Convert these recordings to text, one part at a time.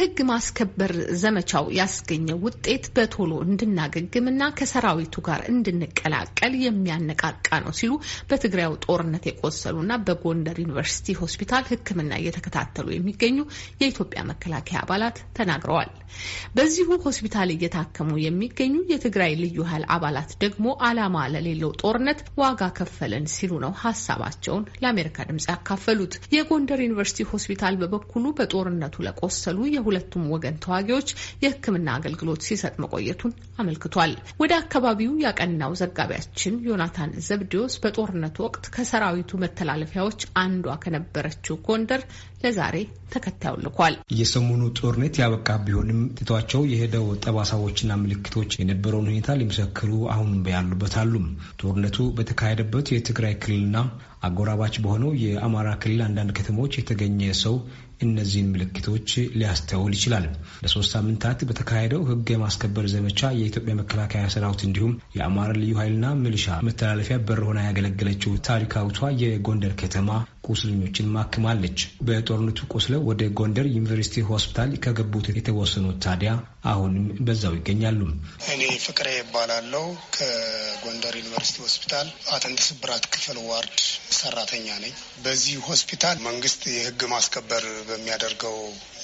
የህግ ማስከበር ዘመቻው ያስገኘው ውጤት በቶሎ እንድናገግምና ከሰራዊቱ ጋር እንድንቀላቀል የሚያነቃቃ ነው ሲሉ በትግራዩ ጦርነት የቆሰሉና በጎንደር ዩኒቨርሲቲ ሆስፒታል ሕክምና እየተከታተሉ የሚገኙ የኢትዮጵያ መከላከያ አባላት ተናግረዋል። በዚሁ ሆስፒታል እየታከሙ የሚገኙ የትግራይ ልዩ ኃይል አባላት ደግሞ ዓላማ ለሌለው ጦርነት ዋጋ ከፈለን ሲሉ ነው ሀሳባቸውን ለአሜሪካ ድምጽ ያካፈሉት። የጎንደር ዩኒቨርሲቲ ሆስፒታል በበኩሉ በጦርነቱ ለቆሰሉ ለሁለቱም ወገን ተዋጊዎች የሕክምና አገልግሎት ሲሰጥ መቆየቱን አመልክቷል። ወደ አካባቢው ያቀናው ዘጋቢያችን ዮናታን ዘብዲዮስ በጦርነቱ ወቅት ከሰራዊቱ መተላለፊያዎች አንዷ ከነበረችው ጎንደር ለዛሬ ተከታዩ ልኳል። የሰሞኑ ጦርነት ያበቃ ቢሆንም ትቷቸው የሄደው ጠባሳዎችና ምልክቶች የነበረውን ሁኔታ ሊመሰክሩ አሁንም ያሉበት አሉ። ጦርነቱ በተካሄደበት የትግራይ ክልልና አጎራባች በሆነው የአማራ ክልል አንዳንድ ከተሞች የተገኘ ሰው እነዚህን ምልክቶች ሊያስተውል ይችላል። ለሶስት ሳምንታት በተካሄደው ሕግ የማስከበር ዘመቻ የኢትዮጵያ መከላከያ ሰራዊት እንዲሁም የአማራ ልዩ ኃይልና ሚሊሻ መተላለፊያ በር ሆና ያገለገለችው ታሪካዊቷ የጎንደር ከተማ ቁስለኞችን ማክማለች። በጦርነቱ ቆስለው ወደ ጎንደር ዩኒቨርሲቲ ሆስፒታል ከገቡት የተወሰኑት ታዲያ አሁንም በዛው ይገኛሉ። እኔ ፍቅሬ ይባላለው ከጎንደር ዩኒቨርሲቲ ሆስፒታል አጥንት ስብራት ክፍል ዋርድ ሰራተኛ ነኝ። በዚህ ሆስፒታል መንግስት የህግ ማስከበር በሚያደርገው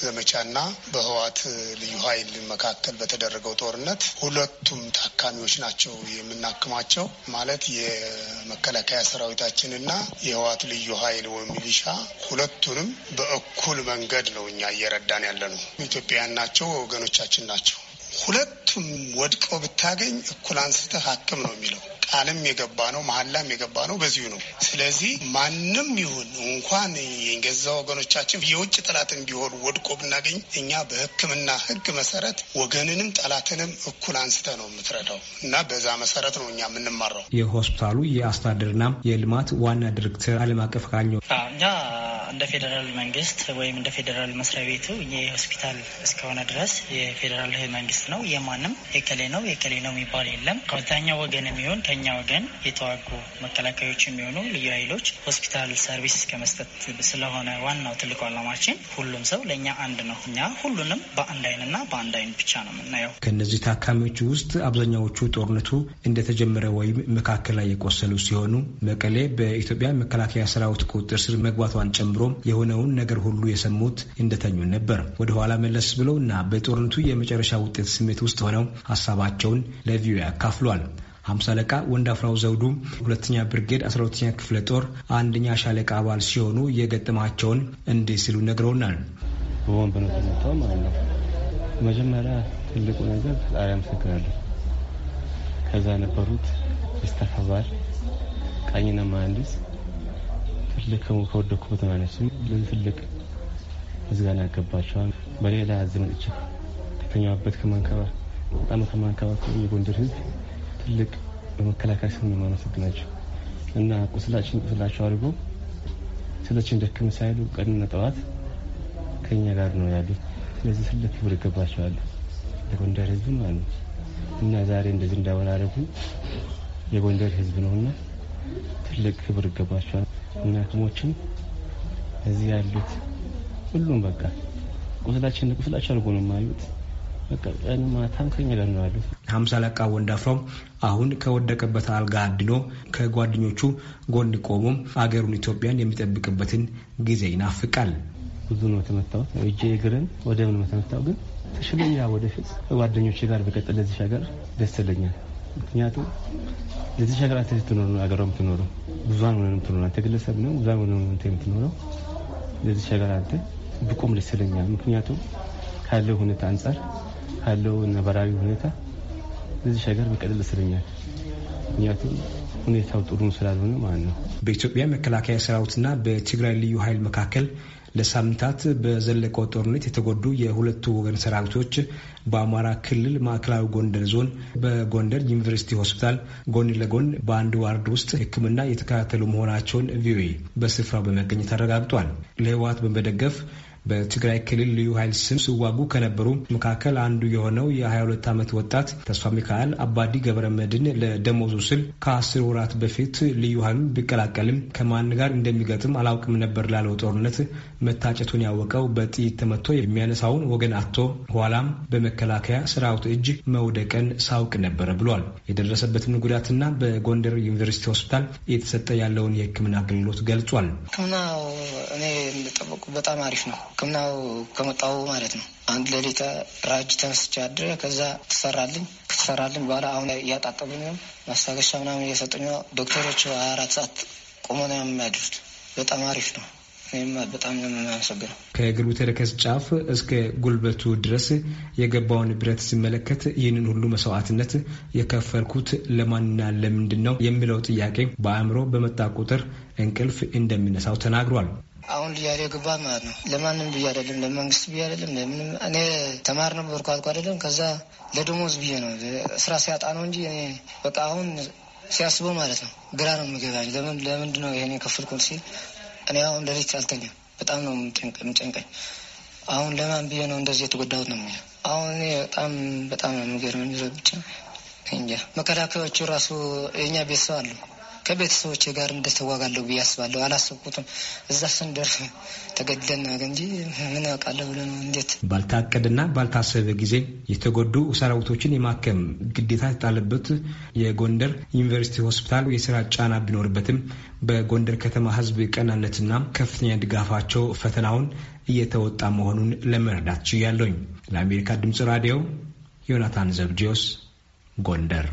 ዘመቻና በህዋት ልዩ ኃይል መካከል በተደረገው ጦርነት ሁለቱም ታካሚዎች ናቸው የምናክማቸው ማለት የመከላከያ ሰራዊታችንና የህዋት ልዩ ኃይል ሚሊሻ ሁለቱንም በእኩል መንገድ ነው እኛ እየረዳን ያለ ነው። ኢትዮጵያውያን ናቸው፣ ወገኖቻችን ናቸው። ሁለቱም ወድቀው ብታገኝ እኩል አንስተህ ሀክም ነው የሚለው ቃልም የገባ ነው፣ መሀላም የገባ ነው። በዚሁ ነው። ስለዚህ ማንም ይሁን እንኳን የገዛ ወገኖቻችን የውጭ ጠላትን ቢሆን ወድቆ ብናገኝ እኛ በሕክምና ሕግ መሰረት ወገንንም ጠላትንም እኩል አንስተ ነው የምትረዳው እና በዛ መሰረት ነው እኛ የምንማራው። የሆስፒታሉ የአስተዳደርና የልማት ዋና ዲሬክተር አለም አቀፍ ካኘው እኛ እንደ ፌዴራል መንግስት ወይም እንደ ፌዴራል መስሪያ ቤቱ ሆስፒታል እስከሆነ ድረስ የፌዴራል መንግስት ነው። የማንም የከሌ ነው የከሌ ነው የሚባል የለም። ከዛኛው ወገን የሚሆን ከኛ ወገን የተዋጉ መከላከያዎች የሚሆኑ ልዩ ኃይሎች ሆስፒታል ሰርቪስ ከመስጠት ስለሆነ ዋናው ትልቁ አላማችን ሁሉም ሰው ለእኛ አንድ ነው። እኛ ሁሉንም በአንድ አይንና በአንድ አይን ብቻ ነው የምናየው። ከእነዚህ ታካሚዎች ውስጥ አብዛኛዎቹ ጦርነቱ እንደተጀመረ ወይም መካከል ላይ የቆሰሉ ሲሆኑ መቀሌ በኢትዮጵያ መከላከያ ሰራዊት ቁጥጥር ስር መግባቷን ጨምሮ ጀምሮ የሆነውን ነገር ሁሉ የሰሙት እንደተኙን ነበር። ወደ ኋላ መለስ እና በጦርነቱ የመጨረሻ ውጤት ስሜት ውስጥ ሆነው ሀሳባቸውን ለቪኦኤ አካፍሏል። ሀምሳ አለቃ አፍራው ዘውዱ ሁለተኛ ብርጌድ አስራ ሁለተኛ ክፍለ ጦር አንደኛ ሻለቃ አባል ሲሆኑ የገጠማቸውን እንዲህ ሲሉ ነግረውናል። በወንብ ነው ተመታው ማለት ነው። መጀመሪያ ትልቁ ነገር ፈጣሪ አመሰግናለሁ። ከዛ የነበሩት ስተፈባል ቀኝና መሀንዲስ ልክሙ ከወደኩበት ማነስም ለዚህ ትልቅ ምስጋና ያገባቸዋል። በሌላ ዝምጭ ከተኛበት ከማንከባር በጣም ከማንከባከብ የጎንደር ህዝብ ትልቅ በመከላከያ ስም የማመሰግናቸው እና ቁስላችን ቁስላቸው አድርጎ ስለችን ደክም ሳይሉ ቀንና ጠዋት ከኛ ጋር ነው ያሉት። ስለዚህ ትልቅ ክብር ይገባቸዋል ለጎንደር ህዝብ ማለት ነው እና ዛሬ እንደዚህ እንዳወራረጉ የጎንደር ህዝብ ነውና ትልቅ ክብር ይገባቸዋል። እና እዚህ ያሉት ሁሉም በቃ ቁስላችን ቁስላችን አድርጎ ነው የማዩት። በቃ ቀን ማታም ከኛ ጋር ነው ያሉት። ሀምሳ ለቃ ወንዳፍራው አሁን ከወደቀበት አልጋ አድኖ ከጓደኞቹ ጎን ቆሞም አገሩን ኢትዮጵያን የሚጠብቅበትን ጊዜ ይናፍቃል። ብዙ ነው የተመታሁት እጄ እግርን ወደ ምን ተመታው፣ ግን ተሽሎኛል። ወደፊት ከጓደኞች ጋር በቀጠለ እዚህ ሀገር ደስ ይለኛል። ምክንያቱም ለዚህ ሸገር አንተ ስትኖር ነው አገሯ የምትኖረው። ብዙሃን ሆነ የምትኖረ አንተ ግለሰብ ነው ብዙሃን ሆነ አንተ የምትኖረው። ለዚህ ሸገር አንተ ብቆም ደስ ይለኛል። ምክንያቱም ካለው ሁኔታ አንጻር ካለው ነባራዊ ሁኔታ ለዚህ ሸገር ብቀልል ደስ ይለኛል። ምክንያቱም ሁኔታው ጥሩ ስላልሆነ ማለት ነው። በኢትዮጵያ መከላከያ ሰራዊትና በትግራይ ልዩ ኃይል መካከል ለሳምንታት በዘለቀው ጦርነት የተጎዱ የሁለቱ ወገን ሰራዊቶች በአማራ ክልል ማዕከላዊ ጎንደር ዞን በጎንደር ዩኒቨርሲቲ ሆስፒታል ጎን ለጎን በአንድ ዋርድ ውስጥ ሕክምና የተከታተሉ መሆናቸውን ቪኦኤ በስፍራው በመገኘት አረጋግጧል። ለህወሓት በመደገፍ በትግራይ ክልል ልዩ ኃይል ስም ሲዋጉ ከነበሩ መካከል አንዱ የሆነው የ22 ዓመት ወጣት ተስፋ ሚካኤል አባዲ ገብረ መድን ለደሞዙ ስል ከአስር ወራት በፊት ልዩ ኃይሉ ቢቀላቀልም ከማን ጋር እንደሚገጥም አላውቅም ነበር ላለው ጦርነት መታጨቱን ያወቀው በጥይት ተመቶ የሚያነሳውን ወገን አቶ ኋላም በመከላከያ ሰራዊት እጅ መውደቀን ሳውቅ ነበረ ብሏል። የደረሰበትን ጉዳትና በጎንደር ዩኒቨርሲቲ ሆስፒታል እየተሰጠ ያለውን የሕክምና አገልግሎት ገልጿል። ሕክምና እኔ እንደጠበቁ በጣም አሪፍ ነው። ህክምናው ከመጣው ማለት ነው። አንድ ሌሊት ራጅ ተነስቼ አድሬ ከዛ ትሰራልኝ ከተሰራልኝ በኋላ አሁን እያጣጠሙኝ ነው ማስታገሻ ምናምን እየሰጡኝ ነው። ዶክተሮች ሀያ አራት ሰዓት ቆሞ ነው የሚያድሩት። በጣም አሪፍ ነው። በጣም ከእግሩ ተረከዝ ጫፍ እስከ ጉልበቱ ድረስ የገባውን ብረት ሲመለከት ይህንን ሁሉ መስዋዕትነት የከፈልኩት ለማንና ለምንድን ነው የሚለው ጥያቄ በአእምሮ በመጣ ቁጥር እንቅልፍ እንደሚነሳው ተናግሯል። አሁን ልጅ ግባ ማለት ነው። ለማንም ብዬ አይደለም፣ ለመንግስት ብዬ አይደለም፣ ለምንም እኔ ተማር ነበር ኳልኩ አይደለም። ከዛ ለደሞዝ ብዬ ነው ስራ ሲያጣ ነው እንጂ እኔ በቃ አሁን ሲያስበው ማለት ነው ግራ ነው የሚገባኝ። ለምን ለምንድን ነው ይሄን የከፈልኩን ሲል እኔ አሁን ለሊት አልተኛም። በጣም ነው የምጨንቀኝ። አሁን ለማን ብዬ ነው እንደዚህ የተጎዳሁት ነው የሚለው አሁን እኔ በጣም በጣም ነው የሚገርመኝ። ብቻ እንጃ መከላከያዎቹ ራሱ የእኛ ቤተሰብ አለው? ከቤተሰቦች ጋር እንደተዋጋለሁ ብዬ አስባለሁ። አላሰብኩትም። እዛ ስንደርስ ተገድለን እንጂ ምን ያውቃለሁ ብሎ ነው። እንዴት ባልታቀደና ባልታሰበ ጊዜ የተጎዱ ሰራዊቶችን የማከም ግዴታ የተጣለበት የጎንደር ዩኒቨርሲቲ ሆስፒታል የስራ ጫና ቢኖርበትም በጎንደር ከተማ ህዝብ ቀናነትና ከፍተኛ ድጋፋቸው ፈተናውን እየተወጣ መሆኑን ለመረዳት ችያለኝ። ለአሜሪካ ድምፅ ራዲዮ ዮናታን ዘብዲዮስ ጎንደር